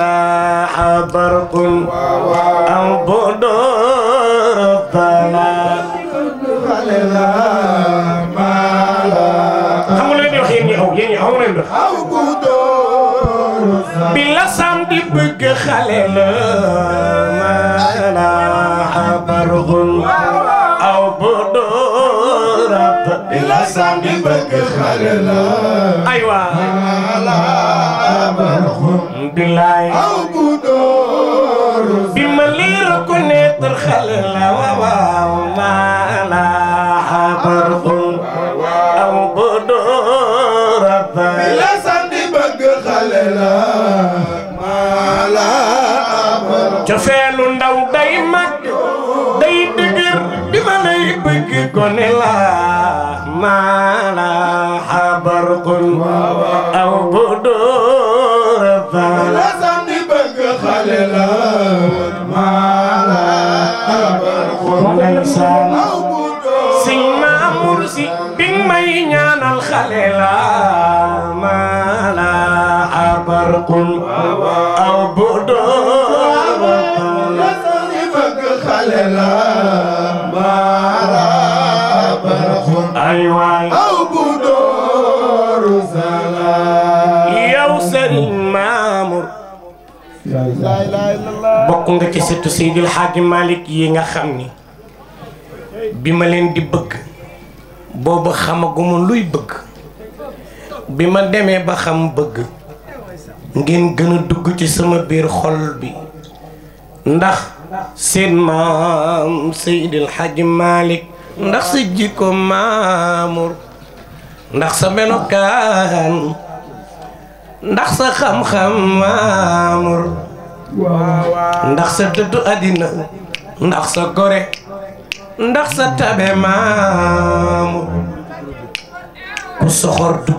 على حضركم أعبدوا ربنا bila sam di bëgg xale la mala xabarul aw budu rab bila sam di bëgg xale la aywa mala barxum bilaay aw bi ma liir ku neetar xale la waaw maala la sandi bëgg xale la cofeelu ndaw day day dëgër bi ma lay bëgg gone la maala barxum aw bu أنا الخليل ما لا أبرق أو بدر خليل ما لا أبرق أيوة أو بدر سلام يا وسل مامور لا إله إلا الله بقوم دكتور سيد الحاج مالك ينعمني بملين دي بقى boobu xamaguma luy bëgg bi ma demee ba xam bëgg ngeen gën a dugg ci sama biir xol bi ndax seen maam Seydil Hadji Malick ndax sa jikko maamur ndax sa melokaan ndax sa xam-xam maamur ndax sa dëddu àddina ndax sa gore ndax sa tabe mamu ku soxor du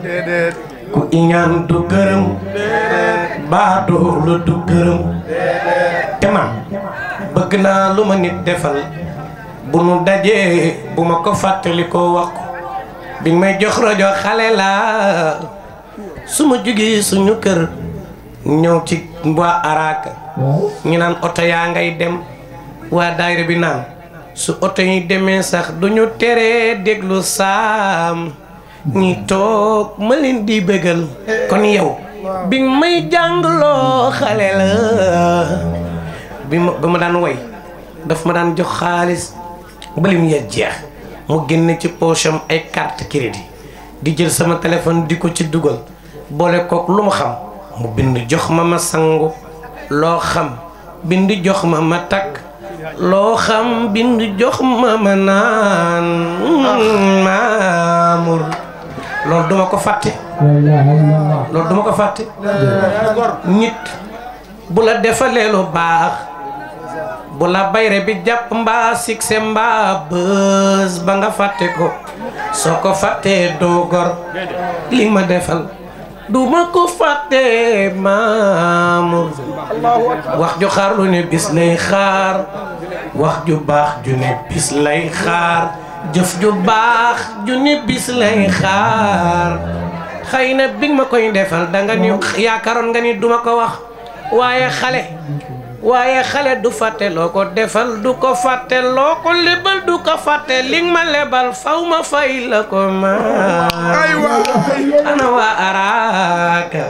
dedet ku ingan du do lu du gërëm te man bëgg na lu ma nit defal bu nu dajee bu mako fatali ko wax ko biñ may jox rojo xale la suma jugi suñu kër ñew ci araka ñi nan auto ya ngay dem wa daayira bi nan su auto yi demé sax duñu téré déglu sam ni tok ma len di bëggal kon yow bi may jàngloo xalé la bi ma daan way daf ma daan jox ba lim ya jeex mo ci pocham ay carte crédit di jël sama téléphone di ko ci dugal boole kook lu ma xam mu bind jox ma ma sangu lo xam bind jox ma ma loo xam bind jox ma ma naan maamur loolu duma ko fàtte loolu duma ko fàtte nit bu la defalee lu baax bu la bayre bi jàpp mbaa sikse mbaa bës ba nga fàtte ko soo ko fàttee doo gor li ma defal duma ko fàtte maamur wax ju xaar lu ne bis lay xaar wax ju baax ju ne bis lay xaar jëf ju baax ju ne bis lay xaar xëy na bi nga ma koy defal danga nga yaakaaroon nga ni duma ko wax waaye xale waaye xale du fàtte loo ko defal du ko fàtte loo ko lebal du ko fàtte li nga ma lebal faw ma fay la ko ma aywa ana waa araaka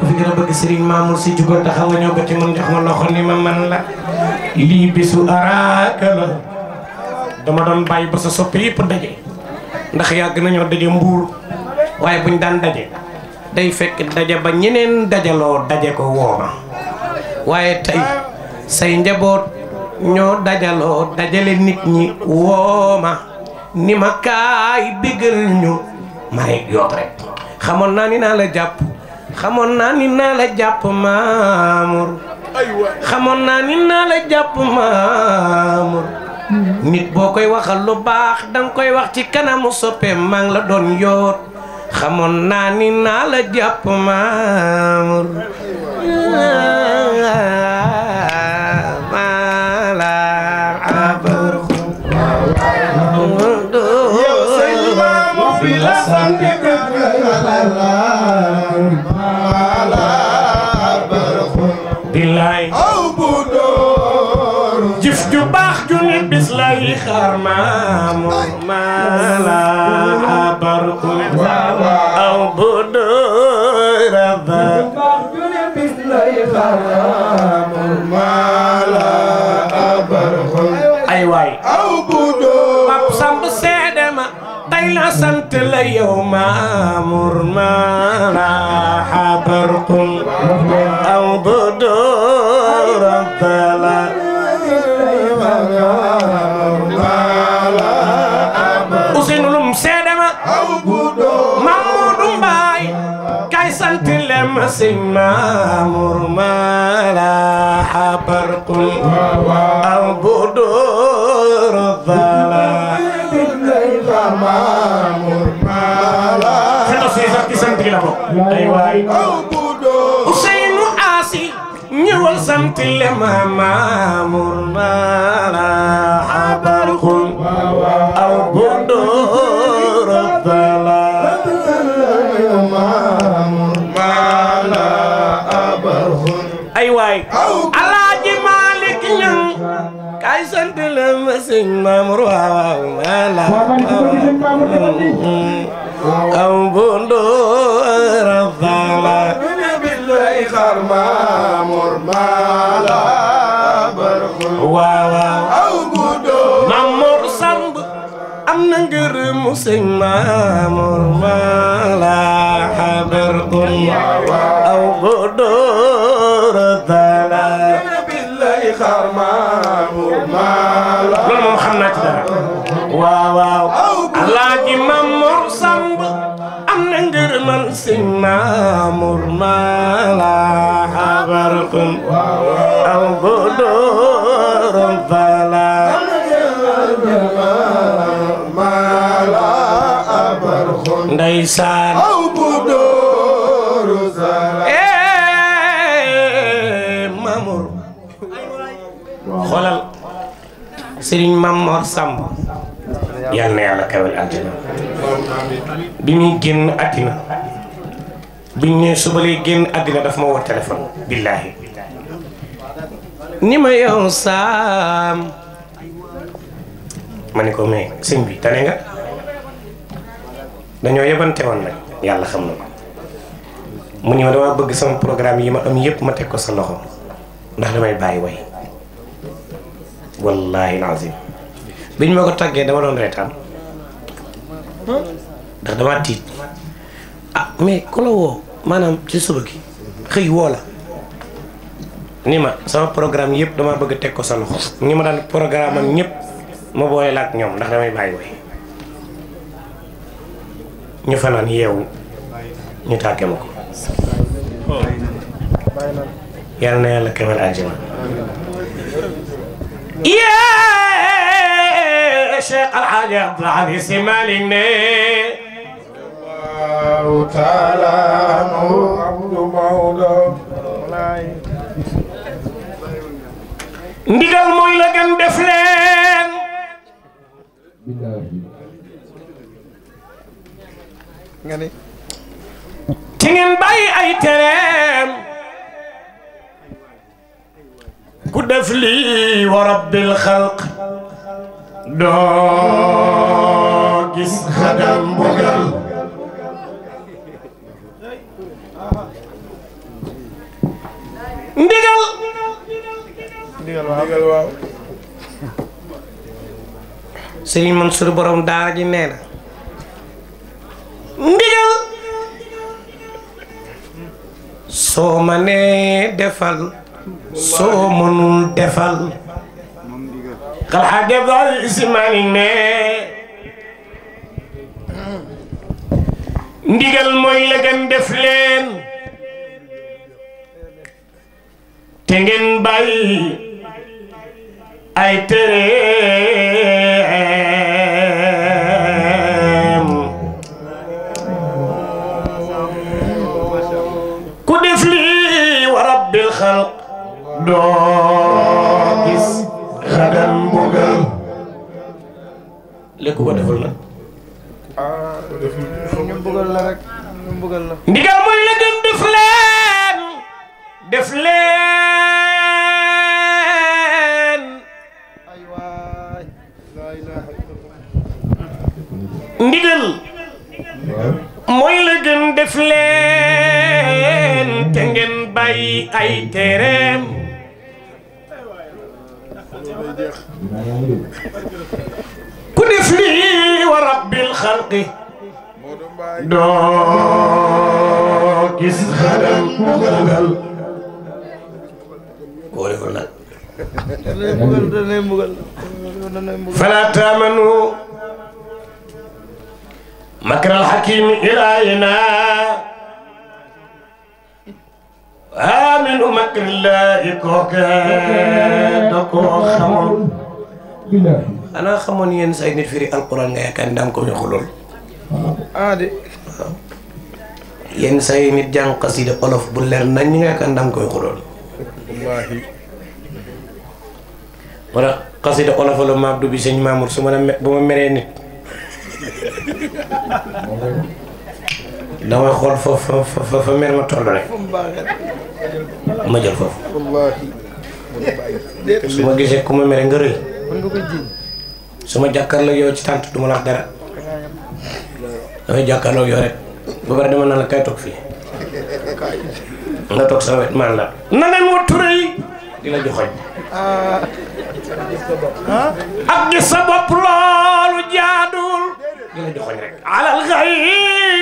ku fi gën a bëgg Serigne Mamour si jugal taxaw nga ñëw ci mun jox ma loxo ni ma man la lii bisu araaka la dama doon bàyyi ba sa sopp yëpp daje ndax yàgg nañoo daje mbuur waaye buñ daan daje day fekk dajja ba ñeneen dajaloo daje ko wooma waaye tey say njaboot ñoo dajaloo dajale nit ñi wooma ni ma kaay bégal ñu may yoot rek xamoon naa ni naa la jàpp xamoon naa ni naa la jàpp maamur xamoon naa ni naa la jàpp maamur nit boo koy waxal lu baax danga koy wax ci kanamu soppe maa la doon yoot xamoon naa ni naa la jàpp maamur jëf ju baax ju ne bis lay xaar maamur mala ay waay aw budoo Pape Samb seede ma tey la sant la yow Mamour ma la سي مامور ما لا حبر قل أو بدور الظلام مامور ما لا أو بدور حسين آسي ñëwal sant le ma maamur ma la xabar xul waay alaaji Malick ñang kay sant la ma sëñ Mamour waaw ma la aw bondo loolu moom xam naa ci dara waaw waaw alaaji Mamour Samb am na ngërëmal si Mamour mala xabarkum aw bodorom serigne Mam Mor Samb yalla na kawal aljana bi muy génn àddina biñ ne suba lay génn àddina daf ma wor telephone billahi nima yow sam maniko me serigne bi tane nga dañu yebante won nak yalla xamna ko mu ne ma dama bëgg sama programme yi ma am yépp ma tek ko sa loxo ndax damay bayyi way wallaahi lazim biñ ma ko tàggee dama doon reetaan ndax damaa tiit ah mais ku woo maanaam ci suba gi xëy woo la ni ma sama programme yëpp dama bëgg teg ko sa loxo ñi ma daan programme am ñëpp ma boole la ak ñoom ndax damay bàyyi way ñu fanaan yeewu ñu tàggee ma ko oh. yàlla na yàlla kawel àjjana يا شيخ الحاج عبد العزيز مالك الله تعالى عنه عبد مولاه ndigal mooy la gën def leen nga ni ci ngeen bàyyi ay tere دفلي ورب الخلق دوغيس خدم بغل ديغل ديغل ديغل واو سيرين منصور بروم دار جي نينا ديغل سو ماني ديفال soo mënul defal xalxa defal si mani ne ndigal mooy la gën def te ngeen bàyyi ay tere doo gis xadan mbugal lékk ko deful ah, la ndigal mooy la gën def ndigal mooy la gën def leen ay tereem ku def lii wa rabbil xalqi doo gis xadal mbugal koo defal nag فلا تامنوا مكر الحكيم إلى ينام aminu makrillahi kooka koo xamoon xanaa xamoon yenn say nit firi alquran nga yaakaar ni daan ko ñu xulul ah de waaw yenn say nit jàng xasida olof bu leer nañ ñi nga yaakaar ni daan koy xulul wallaahi wala olof la maam du bi sëñ Mamour su ma bu ma meree nit damay xool fa fa fa fa mer ma toll rek ma jël foofu su ma gisee ku ma mere nga rëy su ma jàkkaarloo yow ci tànt du ma la wax dara damay jàkkaarloo yow rek ba pare dama naan kay nga la na ah. yi ak sa jaadul rek alal xayr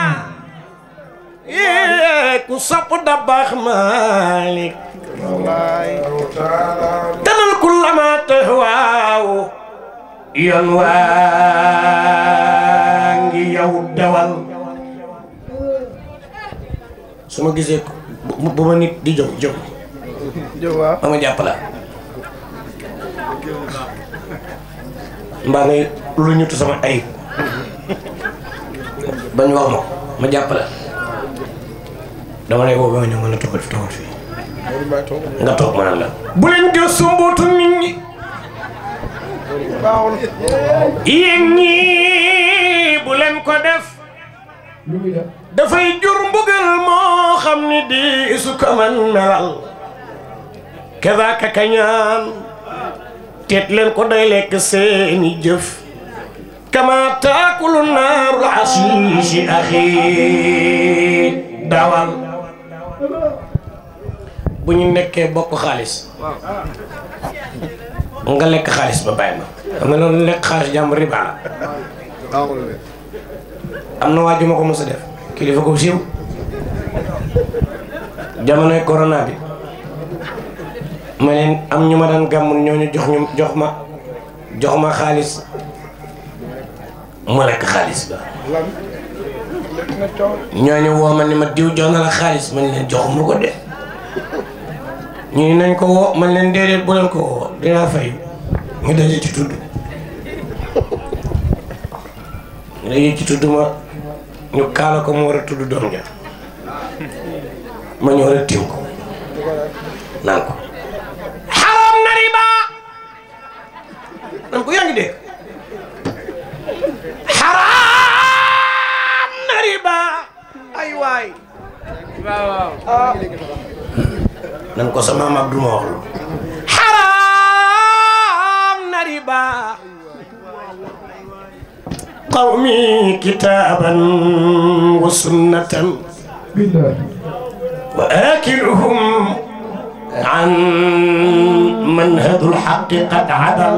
ku sopp da baax Malik tanal kullama tahwaaw yoon waa ngi yow dawal su ma gisee bu ma di jóg jóg ma ma jàpp la mbaa lu ñutu sama ayib bañ wax ma ma dama lay woo ba nga mën a toogal fi toogal fii nga toog ma naan la bu leen gëstu mbootu nit ñi yéen ñii bu leen ko def dafay jur mbugal moo xam ni di su melal kazaaka kañaan teet leen ko day lekk seeni jëf kama taakulu naaru asiisi axi dawal bu ñu nekkee bokk xaalis nga lekk xaalis ba bàyyi ma xam nga loolu lekk xaalis jàmm riba am na waaju ma ko mos a def kilifa ko siiw jamonoy corona bi ma leen am ñu ma daan gàmmul ñooñu jox ñu jox ma jox ma xaalis mu lekk xaalis ba ñooñu woo ma ni ma diw jox na la xaalis ma leen jox mu ko de ñu ne nañ ko woo man leen déedéet bu leen ko woo dinaa fay ñu daje ci tudd ñu daje ci tudd ma ñu kaala ko mu war doom ja ma ñëw rek tiim ko naan ko na riba nan ko yaa ngi dégg na riba ay waay ah. nan ko sama maam abdou mo wax haram na riba qawmi kitaban wa sunnatan wa akiluhum man منهج الحق قد عدل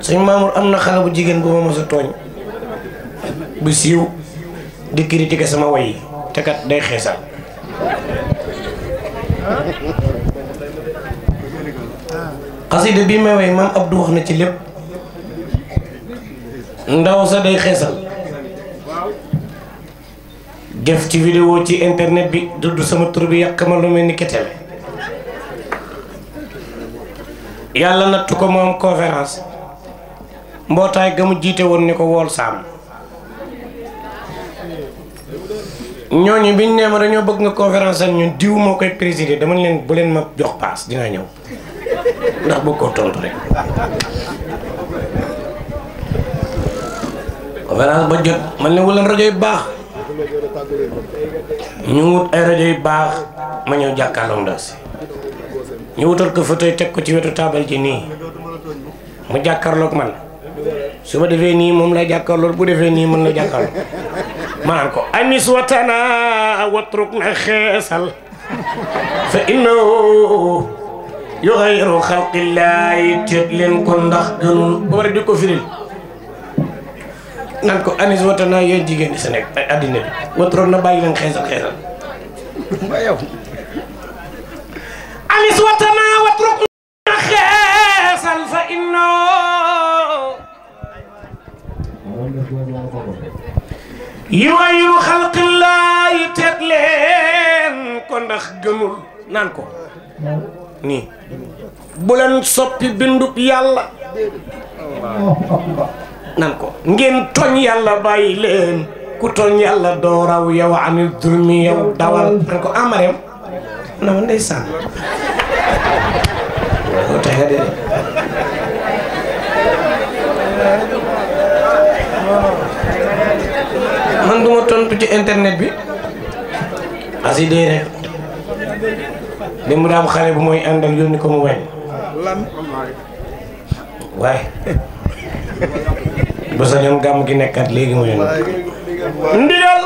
sëñ Mamour am na xale bu jigen bu ma mos a bu siiw di critiquer sama way te kat day xeesal qasida bi may way mam Abdou wax na ci lepp ndaw sa day def ci vidéo ci internet bi dudd sama tour bi yakama lu melni ketel yalla yàlla nattu ko mom conférence mbotay gamu jité won ni ko ñooñu biñ nee ma dañoo bëgg nga conférence ak ñun diw moo koy présidé dama leen bu leen ma jox pass dina ñëw ndax bu ko tontu rek conférence ba jot man leen wulan rajo yu baax ñu wut ay rajo yu baax ma ñëw jàkkaarloo ndaw si ñu wutal ko fauteuil teg ko ci wetu taabal ji nii mu jàkkaarloog man su ma defee nii moom lay jàkkaarlool bu defee nii mën la jàkkaarloo ماركو أني سوتنا واتركنا خيسل فإنه يغير خلق الله تجل كن دخن وردي كفيل نانكو أني سوتنا يجي نسنك أدينه واتركنا بايلن خيسل خيسل ما يوم أني سوتنا واتركنا yiwayu xalqillaay teet leen ko ndax gënul naan ko nii bu leen soppi bindub yàlla naan ko ngeen toñ yàlla bàyyi leen ku toñ yàlla doo raw yow ani durmi yow dawal naan ko amareem ah, na ma ndeysaan yëngatu ci internet bi asi dia. rek li dam xare bu moy andal yoni ko mu wañ waaye bu ñom gam gi nekkat legi mu yoni ndigal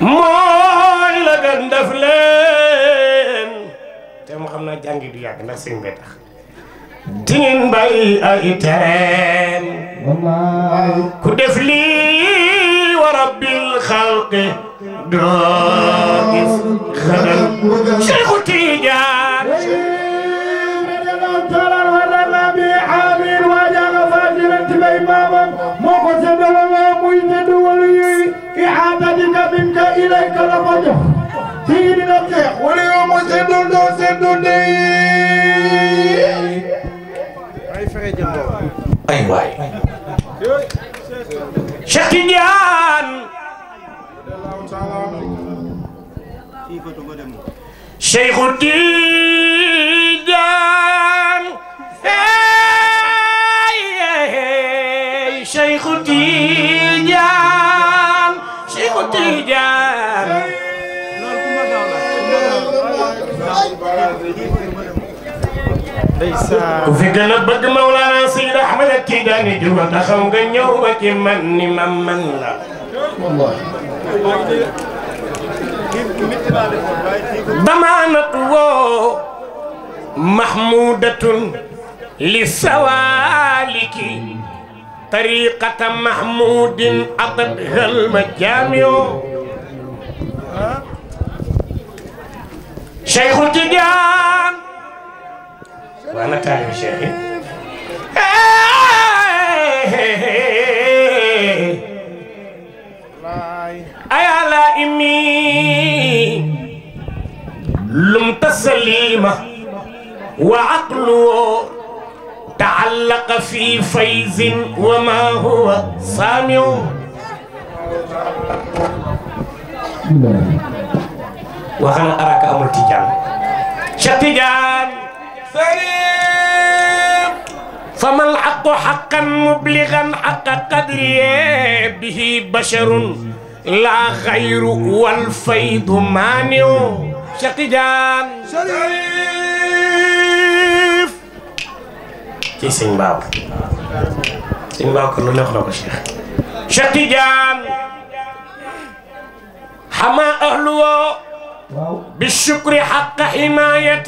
moy la gën def te mo xamna jangi du yag nak seen bi tax tingin bay ay tereem ku def lii wa rabbil xalqi doo gis xaral Cheikhu Tijaan moo ko seddala laa muy tedd wala yooyu ihatatika minka ilayka la ko jox ay waay Cheikh Tidiane Cheikh Tidiane hey Cheikh Tidiane Cheikh Tidiane ku fi gën a bëgg Mawlana Seyd Ahmed ak kii daani juba taxaw nga ñëw ba ci man ni ma man la ضمانت وو محمودة لسوالك طريقة محمود أطبها المجامع شيخ الجديان وانا تعلم شيخي ايا لائمي لم تسليمه وعقله تعلق في فيز وما هو سامع وهنا أراك أمر تيجان شتيجان سليم فما الحق حقا مبلغا حق قدره به بشر لا غير والفيض مانع شقيجان شريف كي سين باب سين باب كل لا خلاص شيخ شقيجان حما اهلو بالشكر حق حمايه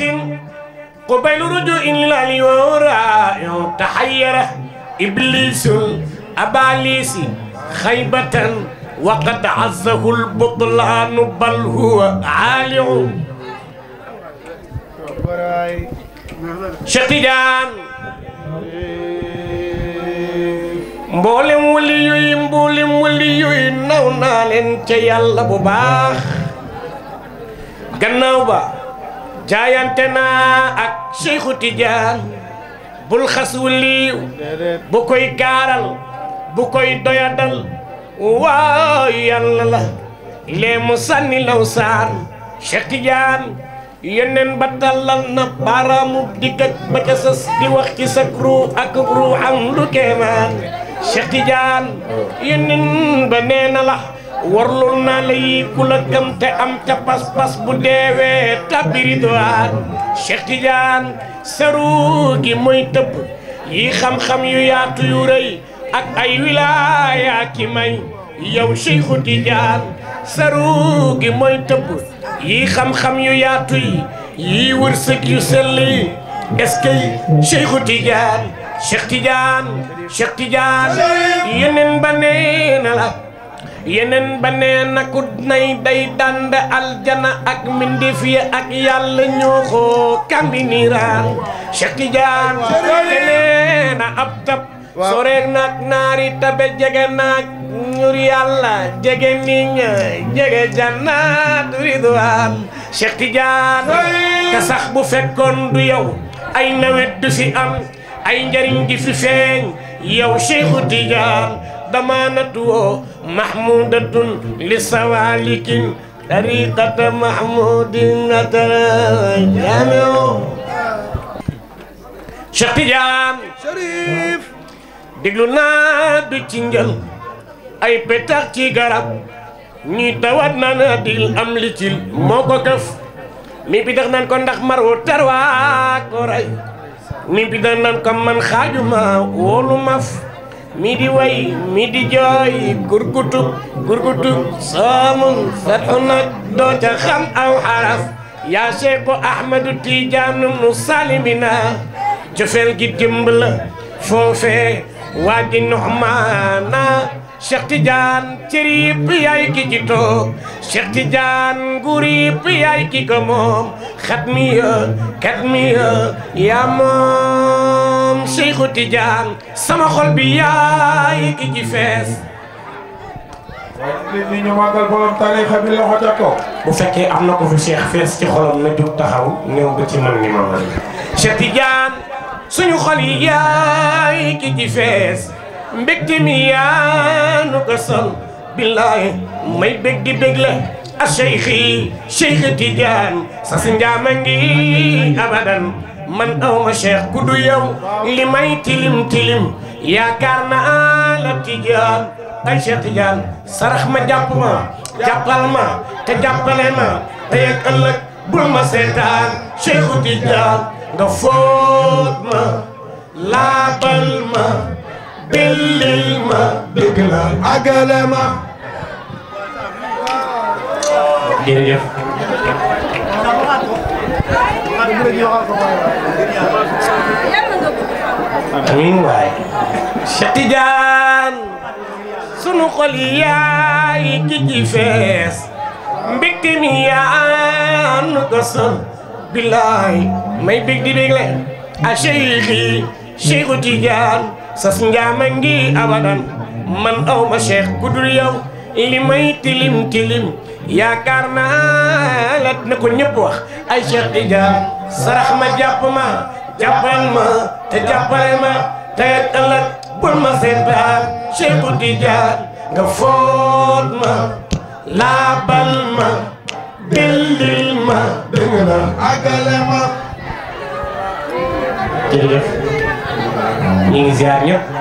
قبيل رجوع للي وراء تحير إبليس أباليس خيبة وقد عزه البطلان بل هو عالي شقيدان بولم وليين بولم وليين نونا لنك يلا بباخ جنوبا جاينتنا أك Cheikhu Tijaan bul xas wulliw bu koy gaaral bu koy doyadal waaw yàlla la lee mu sànni law saan Cheikh Tijaan yeneen ba tàllal na baaraamu digg ba ca di wax ci sa ruu ak ruu am lu kéemaan Tijaan yeneen ba nee na warlul naa la ku la gëm te am te pas bu deewee tabiridwaan Cheikh Tidiane seru gi mooy tëbb yi xam-xam yu yaatu yu ak ay wilaaya ki may yow Cheikh Tidiane seru gi mooy tëbb yi xam-xam yu yaatu yi wërsëg yu sell yi est-ce que Cheikh Tidiane Cheikh Tidiane Cheikh Tidiane ba nee yeneen ba nee ku nay day dànd aljana ak mbindéef yi ak yàlla ñoo ko kandi niiraan Cheikh Tidiane naag naari tabe jege naag ñur yàlla jege niñ jege jannaat ridwaan Cheikh Tidiane ka sax bu fekkoon du yow ay nawet du fi am ay njariñ di fi feeñ yow Cheikh Tidiane damanatuo mahmudatun lisawalikin dari kata mahmudin natara ya, Jamu, Syekh Jam Syarif digluna du cinjal ay petak ci garab ni tawat na na dil am litil moko kef mi pitak nan ko ndax maro tarwa ko ray mi pitak nan ko man khajuma wolu maf mi di way mi di jooy gurgutu gurgutu soomun fatxu doo ca xam aw xaraf yaa seeko ahmadu tijaanum nu salimina cofeel gi dimb la foofe waa di noxmaana Cheikh Tidiane cërib yaay ki ci toog Cheikh Tidiane gurib yaay ki ko moom xat mi moom Seexu Tijaan sama bi yaay ki ci fees fekkee am na ko fi Cheikh fees taxaw néew ba ci suñu xol yi yaay ki ci fees mbégte mi billaay may bég di a sa si njaama abadan man awma cheikh ku du yow li may tilim tilim yaakaar na ala tijaan ay cheikh tijaan sarax ma jàpp ma jàppal ma te jàppale ma tey ak bul ma seetaan cheikhu tijaan nga fóot ma laabal ma bellil ma dégg agale ma jërëjëf amiin waay Cheikh Tidiane sunu xol yaay ki ci fees mbégte mi yaa nu gësal billaay may bég di bégle a Cheikhi Cheikhu Tidiane sas njaama ngi abadan man aw ma ku dul yow li tilim tilim Ya karna lat na ko ñep wax ay Cheikh Tidiane sarax ma japp ma jappal ma te jappal ma te talat bul ma seetaan Cheikh Tidiane nga ya, foot ma bal ma bindil ma dengna na ma ñi ziar ñëpp